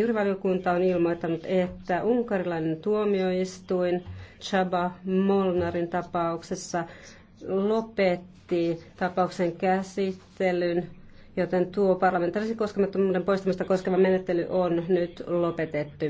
Juurivaliokunta on ilmoittanut, että unkarilainen tuomioistuin Chaba Molnarin tapauksessa lopetti tapauksen käsittelyn, joten tuo parlamentaarisen koskemattomuuden poistamista koskeva menettely on nyt lopetettu.